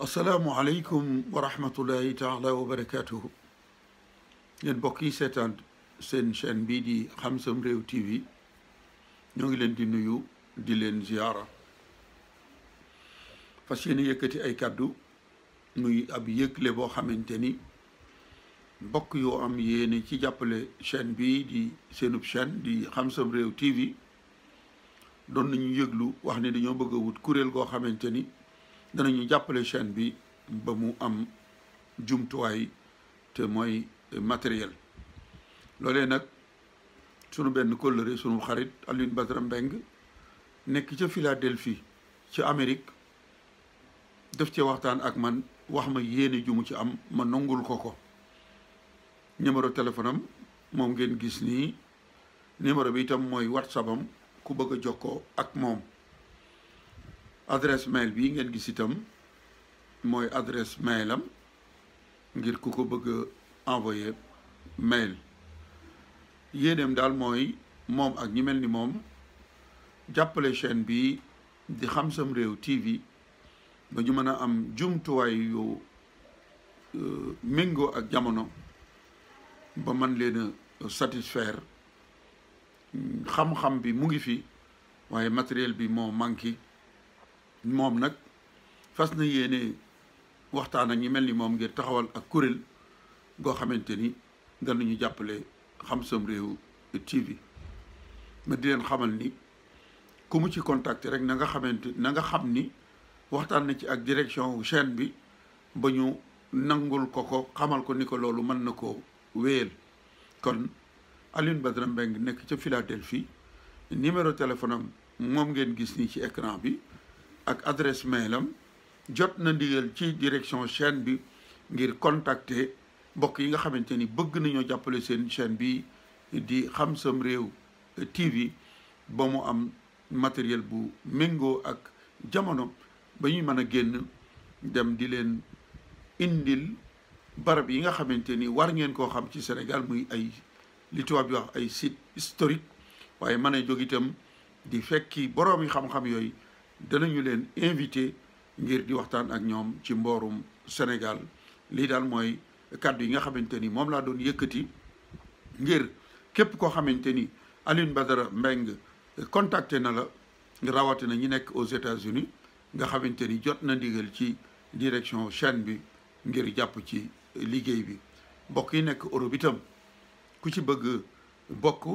السلام alaikum wa rahmatullahi ta'ala wa barakatuhu yéen mbokk yi seetaan seen chaîne bii di Xam Sam Réew TV ñoo ngi leen di nuyu di leen ziyaara fas yéene yëkkati ay kàddu muy ab yëgle boo xamante ni mbokk yoo am yéene ci jàppale chaîne bii di seenub chaîne di Xam Sam Réew TV doon nañu yëglu wax ne dañoo bëgg a wut kuréel goo xamante ni danañu jàppale chaîne bi ba mu am jumtuwaay te mooy matériel loole nag sunu benn kóllëre sunu xarit Alioune Badara Mbengue nekk ca Philadelphie ci Amérique def ci waxtaan ak man wax ma yéene ju mu ci am ma nongul ko ko numéro téléphone am moom ngeen gis nii numéro bi itam mooy whatsapp am ku bëgg a jokkoo ak moom adresse mail bi ngeen gis itam mooy adresse mail am ngir ku ko bëgg a envoyer mail yéeneem daal mooy moom ak ñi mel ni moom jàppale chaîne bi di Xam Sam Réew TV ba ñu mën a am jumtuwaay yu euh, méngoo ak jamono ba man leen a satisfaire xam-xam bi mu ngi fi waaye matériel bi moo manqué moom nag fas na yéene waxtaan ak ñi mel ni moom ngir taxawal ak kuréel goo xamante ni danañu jàppale Xam Sam Réew TV ma di leen xamal ni ku mu ci contacter rek na nga xamante na nga xam ni waxtaan na ci ak direction chaîne bi ba ñu nangul ko ko xamal ko ni ko loolu mën na ko wéyal kon Alioune Badara Mbengue nekk ca Philadelphie numéro téléphone am moom ngeen gis nii ci ecran bi ak adresse mail am jot na ndigal ci direction chaîne bi ngir contacter mbokk yi nga xamante ni bëgg nañoo jàppale seen chaîne bi di Xam Sam Réew TV ba mu am matériel bu méngoo ak jamono ba ñuy mën a génn dem di leen indil barab yi nga xamante ni war ngeen koo xam ci Sénégal muy ay li tubaab bi wax ay site historique waaye mën a jóg itam di fekki boroomi xam-xam yooyu danañu leen invité ngir di waxtaan ak ñoom ci mboorum Sénégal lii daal mooy kàddu yi nga xamante ni moom laa doon yëkkati ngir képp koo xamante ni Alioune Badara Mbengue contacté na la rawatina ñi nekk aux États-Unis nga xamante ni jot na ndigal ci direction chaîne bi ngir jàpp ci liggéey bi mbokk yi nekk Europe itam ku ci bëgg bokk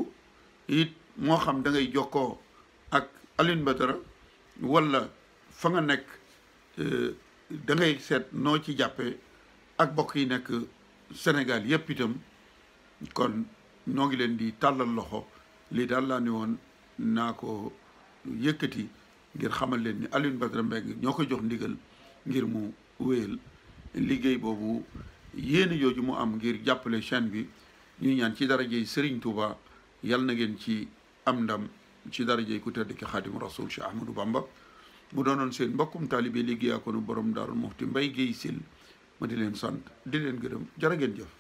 it moo xam dangay ngay jokkoo ak Alioune Badara walla fa nga nekk euh, da ngay seet noo ci jàppe ak bokk yi nekk Sénégal yépp itam kon noo ngi leen di tàllal loxo lii daal laa ni woon naa ko yëkkati ngir xamal leen ni Alioune Badara ñoo ko jox ndigal ngir mu wéyal liggéey boobu yéen jooju mu am ngir jàppale chaîne bi ñu ñaan ci dara darajey Serigne Touba yal na ngeen ci am ndam ci darajey ku tedd ki xaadimu rasul Cheikh Ahmadou Bamba mu doonoon seen mbokkum taalibe liggéeyaa ko nu borom daarul muxti mbay géy sil ma di leen sant di leen gërëm jërë ngeen jëf